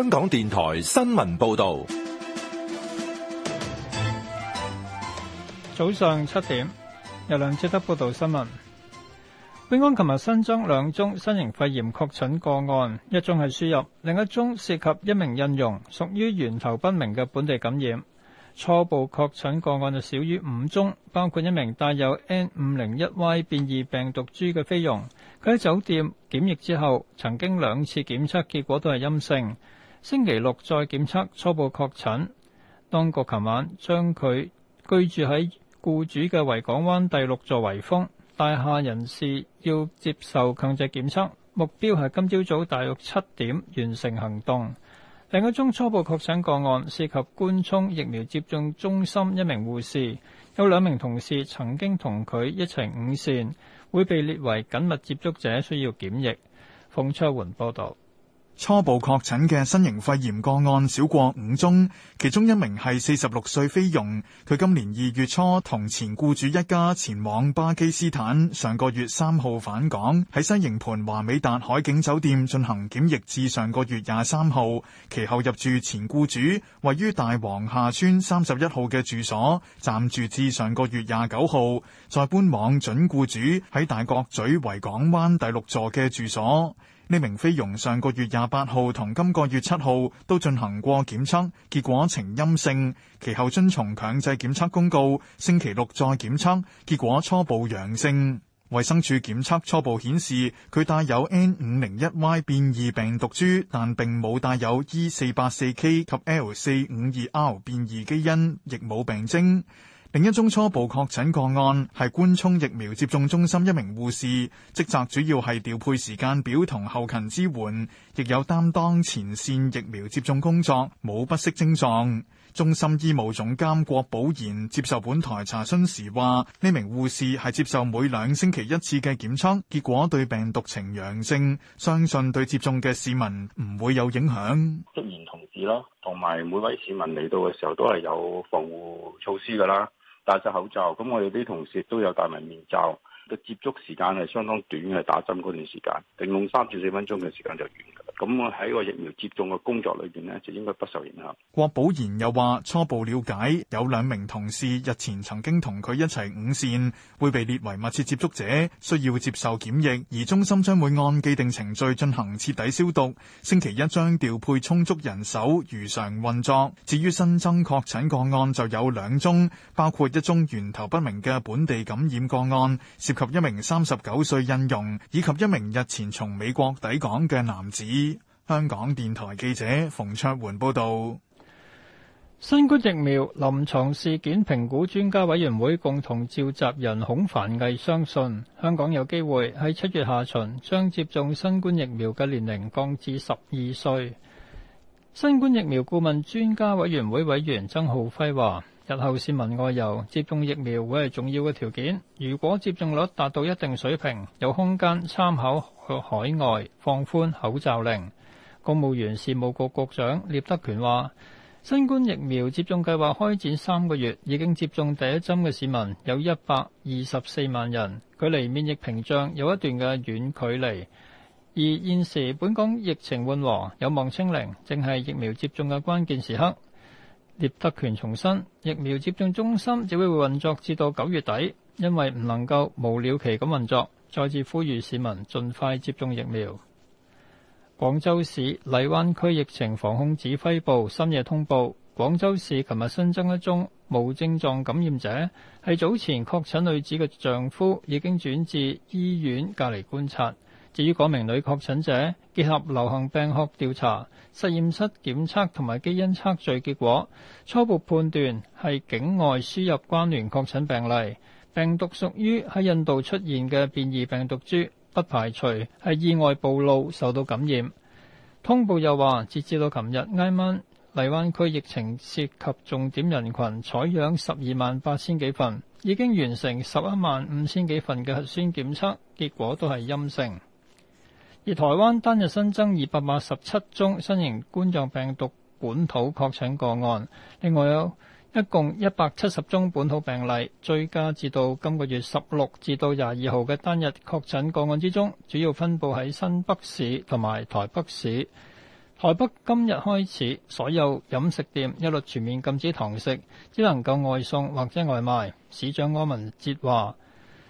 香港電台新聞報道，早上七點，由梁捷德報道新聞。本港琴日新增兩宗新型肺炎確診個案，一宗係輸入，另一宗涉及一名印傭，屬於源頭不明嘅本地感染。初步確診個案就少於五宗，包括一名帶有 N 五零一 Y 變異病毒株嘅菲傭，佢喺酒店檢疫之後，曾經兩次檢測結果都係陰性。星期六再檢測，初步確診，當局琴晚將佢居住喺雇主嘅維港灣第六座圍峰大廈人士要接受強制檢測，目標係今朝早大約七點完成行動。另一宗初步確診個案涉及官涌疫苗接種中心一名護士，有兩名同事曾經同佢一齊午膳，會被列為緊密接觸者，需要檢疫。馮卓桓報導。初步確診嘅新型肺炎個案少過五宗，其中一名係四十六歲菲傭，佢今年二月初同前僱主一家前往巴基斯坦，上個月三號返港，喺西營盤華美達海景酒店進行檢疫至上個月廿三號，其後入住前僱主位於大王下村三十一號嘅住所，暫住至上個月廿九號，再搬往準僱主喺大角咀維港灣第六座嘅住所。呢名菲傭上個月廿八號同今個月七號都進行過檢測，結果呈陰性。其後遵從強制檢測公告，星期六再檢測，結果初步陽性。衛生署檢測初步顯示，佢帶有 N 五零一 Y 變異病毒株，但並冇帶有 E 四八四 K 及 L 四五二 R 變異基因，亦冇病徵。另一宗初步確診個案係官涌疫苗接種中心一名護士，職責主要係調配時間表同後勤支援，亦有擔當前線疫苗接種工作，冇不適症狀。中心醫務總監郭寶賢接受本台查詢時話：呢名護士係接受每兩星期一次嘅檢測，結果對病毒呈陽性，相信對接種嘅市民唔會有影響。職員同志啦，同埋每位市民嚟到嘅時候都係有防護措施噶啦。戴晒口罩，咁我哋啲同事都有戴埋面罩。嘅接觸時間係相當短嘅，打針嗰段時間，定用三至四分鐘嘅時間就完。咁、嗯、我喺個疫苗接種嘅工作裏邊呢，就應該不受影響。郭保賢又話：初步了解有兩名同事日前曾經同佢一齊午膳，會被列為密切接觸者，需要接受檢疫。而中心將會按既定程序進行徹底消毒。星期一將調配充足人手，如常運作。至於新增確診個案就有兩宗，包括一宗源頭不明嘅本地感染個案，涉及一名三十九歲印傭，以及一名日前從美國抵港嘅男子。香港電台記者馮卓桓報道：新冠疫苗臨床事件評估專家委員會共同召集人孔繁毅相信，香港有機會喺七月下旬將接種新冠疫苗嘅年齡降至十二歲。新冠疫苗顧問專家委員會委員曾浩輝話：日後市民外遊接種疫苗會係重要嘅條件。如果接種率達到一定水平，有空間參考去海外放寬口罩令。公務員事務局局長聶德權話，新冠疫苗接種計劃開展三個月，已經接種第一針嘅市民有一百二十四萬人，距離免疫屏障有一段嘅遠距離。而現時本港疫情緩和，有望清零，正係疫苗接種嘅關鍵時刻。聶德權重申，疫苗接種中心只會運作至到九月底，因為唔能夠無了期咁運作。再次呼籲市民盡快接種疫苗。廣州市荔灣區疫情防控指揮部深夜通報，廣州市琴日新增一宗無症狀感染者，係早前確診女子嘅丈夫，已經轉至醫院隔離觀察。至於嗰名女確診者，結合流行病學調查、實驗室檢測同埋基因測序結果，初步判斷係境外輸入關聯確診病例，病毒屬於喺印度出現嘅變異病毒株。不排除係意外暴露受到感染。通報又話，截至到琴日挨晚，荔灣區疫情涉及重點人群採樣十二萬八千幾份，已經完成十一萬五千幾份嘅核酸檢測，結果都係陰性。而台灣單日新增二百八十七宗新型冠狀病毒本土確診個案。另外，有，一共一百七十宗本土病例，追加至到今個月十六至到廿二號嘅單日確診個案之中，主要分佈喺新北市同埋台北市。台北今日開始，所有飲食店一律全面禁止堂食，只能夠外送或者外賣。市長柯文哲話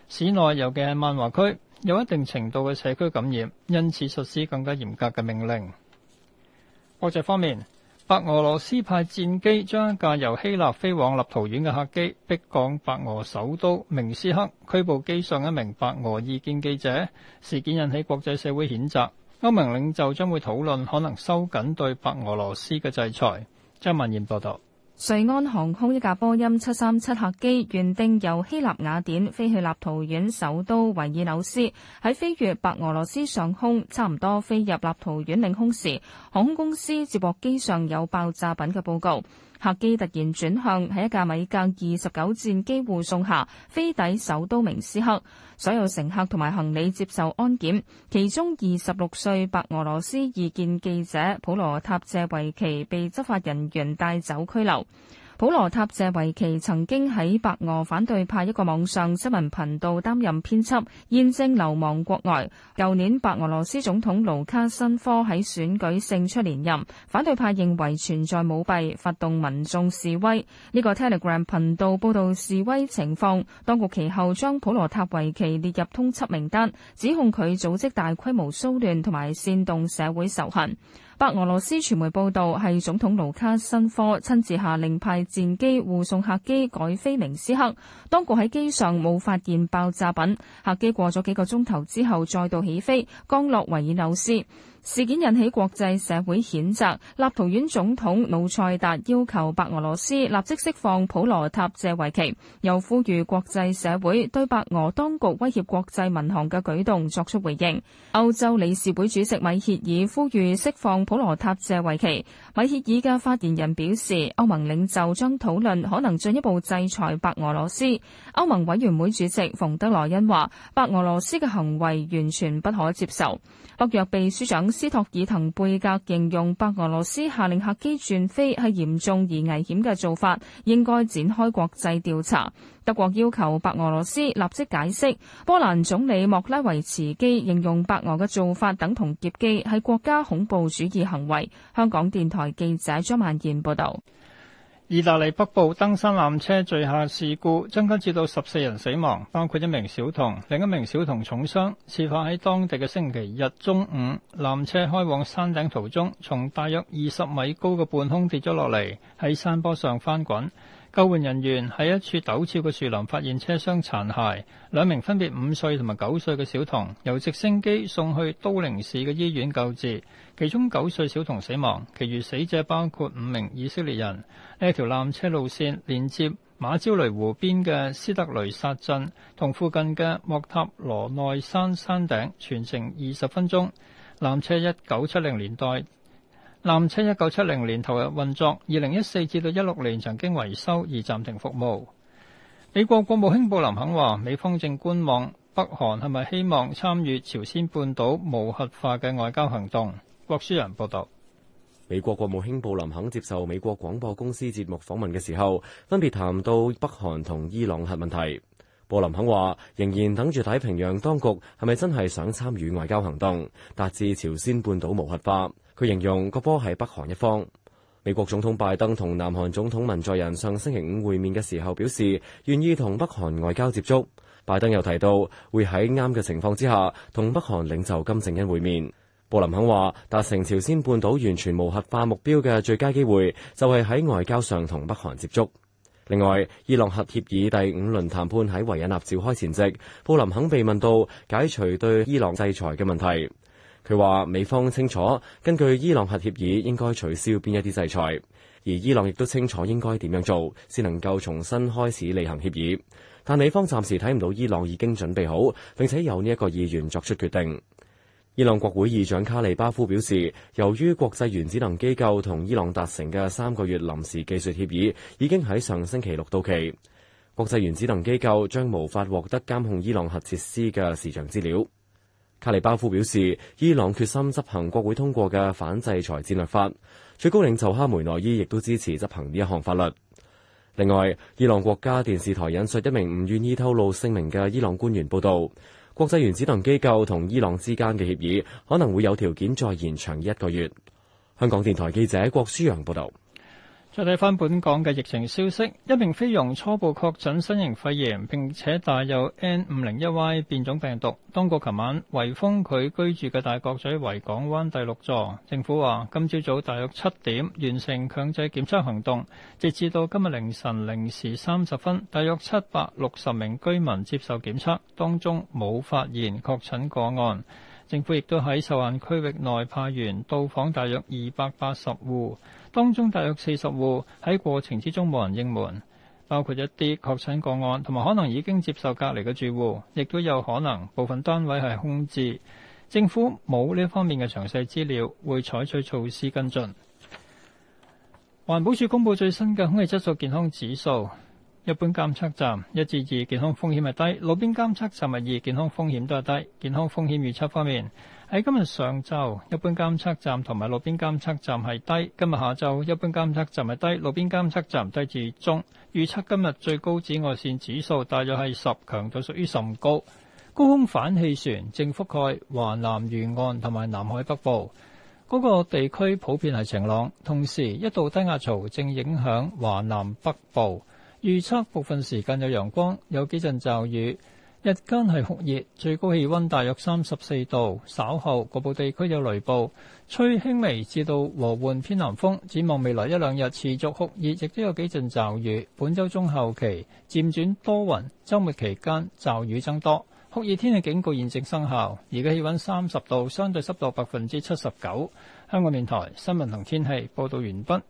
市內尤其係萬華區有一定程度嘅社區感染，因此實施更加嚴格嘅命令。國際方面。白俄羅斯派戰機將一架由希臘飛往立陶宛嘅客機逼降白俄首都明斯克，拘捕機上一名白俄異見記者。事件引起國際社會譴責。歐盟領袖將會討論可能收緊對白俄羅斯嘅制裁。張文賢報導。瑞安航空一架波音七三七客機，原定由希臘雅典飛去立陶宛首都維爾紐斯，喺飛越白俄羅斯上空，差唔多飛入立陶宛領空時，航空公司接獲機上有爆炸品嘅報告。客機突然轉向，喺一架米格二十九戰機護送下飛抵首都明斯克。所有乘客同埋行李接受安檢，其中二十六歲白俄羅斯異見記者普羅塔謝維奇被執法人員帶走拘留。普羅塔謝維奇曾經喺白俄反對派一個網上新聞頻道擔任編輯，現正流亡國外。舊年白俄羅斯總統盧卡申科喺選舉勝出連任，反對派認為存在舞弊，發動民眾示威。呢個 Telegram 頻道報道示威情況，當局其後將普羅塔維奇列入通緝名單，指控佢組織大規模騷亂同埋煽動社會仇恨。白俄羅斯傳媒報導，係總統盧卡申科親自下令派戰機護送客機改飛明斯克，當局喺機上冇發現爆炸品，客機過咗幾個鐘頭之後再度起飛，降落維爾紐斯。事件引起國際社會譴責，立陶宛總統瑙塞達要求白俄羅斯立即釋放普羅塔謝維奇，又呼籲國際社會對白俄當局威脅國際民航嘅舉動作出回應，歐洲理事會主席米歇爾呼籲釋放普羅塔謝維奇。米歇爾嘅發言人表示，歐盟領袖將討論可能進一步制裁白俄羅斯。歐盟委員會主席馮德萊恩話白俄羅斯嘅行為完全不可接受。北約秘書長，斯托爾滕貝格形容白俄羅斯下令客機轉飛係嚴重而危險嘅做法，應該展開國際調查。德國要求白俄羅斯立即解釋。波蘭總理莫拉維茨基形容白俄嘅做法等同劫機，係國家恐怖主義行為。香港電台記者張萬健報道。意大利北部登山纜車墜下事故，增加至到十四人死亡，包括一名小童，另一名小童重傷。事發喺當地嘅星期日中午，纜車開往山頂途中，從大約二十米高嘅半空跌咗落嚟，喺山坡上翻滾。救援人員喺一處陡峭嘅樹林發現車廂殘骸，兩名分別五歲同埋九歲嘅小童由直升機送去都靈市嘅醫院救治，其中九歲小童死亡，其餘死者包括五名以色列人。呢條纜車路線連接馬焦雷湖邊嘅斯特雷薩鎮同附近嘅莫塔羅內山山頂，全程二十分鐘。纜車一九七零年代。南車一九七零年投入運作，二零一四至到一六年曾經維修而暫停服務。美國國務卿布林肯話，美方正觀望北韓係咪希望參與朝鮮半島無核化嘅外交行動。郭舒仁報導。美國國務卿布林肯接受美國廣播公司節目訪問嘅時候，分別談到北韓同伊朗核問題。布林肯話，仍然等住睇平壤當局係咪真係想參與外交行動，達至朝鮮半島無核化。佢形容個波係北韓一方。美國總統拜登同南韓總統文在寅上星期五會面嘅時候表示，願意同北韓外交接觸，拜登又提到，會喺啱嘅情況之下同北韓領袖金正恩會面。布林肯話，達成朝鮮半島完全無核化目標嘅最佳機會就係、是、喺外交上同北韓接觸。另外，伊朗核協議第五輪談判喺維也納召開前夕，布林肯被問到解除對伊朗制裁嘅問題。佢話：美方清楚根據伊朗核協議應該取消邊一啲制裁，而伊朗亦都清楚應該點樣做先能夠重新開始履行協議。但美方暫時睇唔到伊朗已經準備好，並且由呢一個議員作出決定。伊朗國會議長卡利巴夫表示，由於國際原子能機構同伊朗達成嘅三個月臨時技術協議已經喺上星期六到期，國際原子能機構將無法獲得監控伊朗核設施嘅詳盡資料。卡利巴夫表示，伊朗決心執行國會通過嘅反制裁戰略法。最高領袖哈梅內伊亦都支持執行呢一項法律。另外，伊朗國家電視台引述一名唔願意透露姓名嘅伊朗官員報道，國際原子能機構同伊朗之間嘅協議可能會有條件再延長一個月。香港電台記者郭舒陽報道。再睇翻本港嘅疫情消息，一名菲傭初步確診新型肺炎，並且帶有 N 五零一 Y 變種病毒。當局琴晚圍封佢居住嘅大角咀維港灣第六座，政府話今朝早大約七點完成強制檢測行動，直至到今日凌晨零時三十分，大約七百六十名居民接受檢測，當中冇發現確診個案。政府亦都喺受限區域內派員到訪大約二百八十戶。當中大約四十戶喺過程之中冇人應門，包括一啲確診個案，同埋可能已經接受隔離嘅住戶，亦都有可能部分單位係空置。政府冇呢方面嘅詳細資料，會採取措施跟進。環保署公布最新嘅空氣質素健康指數，一般監測站一至二健康風險係低，路邊監測站物二健康風險都係低。健康風險預測方面。喺今日上晝，一般監測站同埋路邊監測站係低；今日下晝，一般監測站係低，路邊監測站低至中。預測今日最高紫外線指數大約係十，強度屬於甚高。高空反氣旋正覆蓋華南沿岸同埋南海北部嗰個地區，普遍係晴朗。同時，一道低壓槽正影響華南北部，預測部分時間有陽光，有幾陣驟雨。日間係酷熱，最高氣溫大約三十四度。稍後局部地區有雷暴，吹輕微至到和緩偏南風。展望未來一兩日持續酷熱，亦都有幾陣驟雨。本周中後期漸轉多雲，周末期間驟雨增多。酷熱天氣警告現正生效。而家氣溫三十度，相對濕度百分之七十九。香港電台新聞同天氣報道完畢。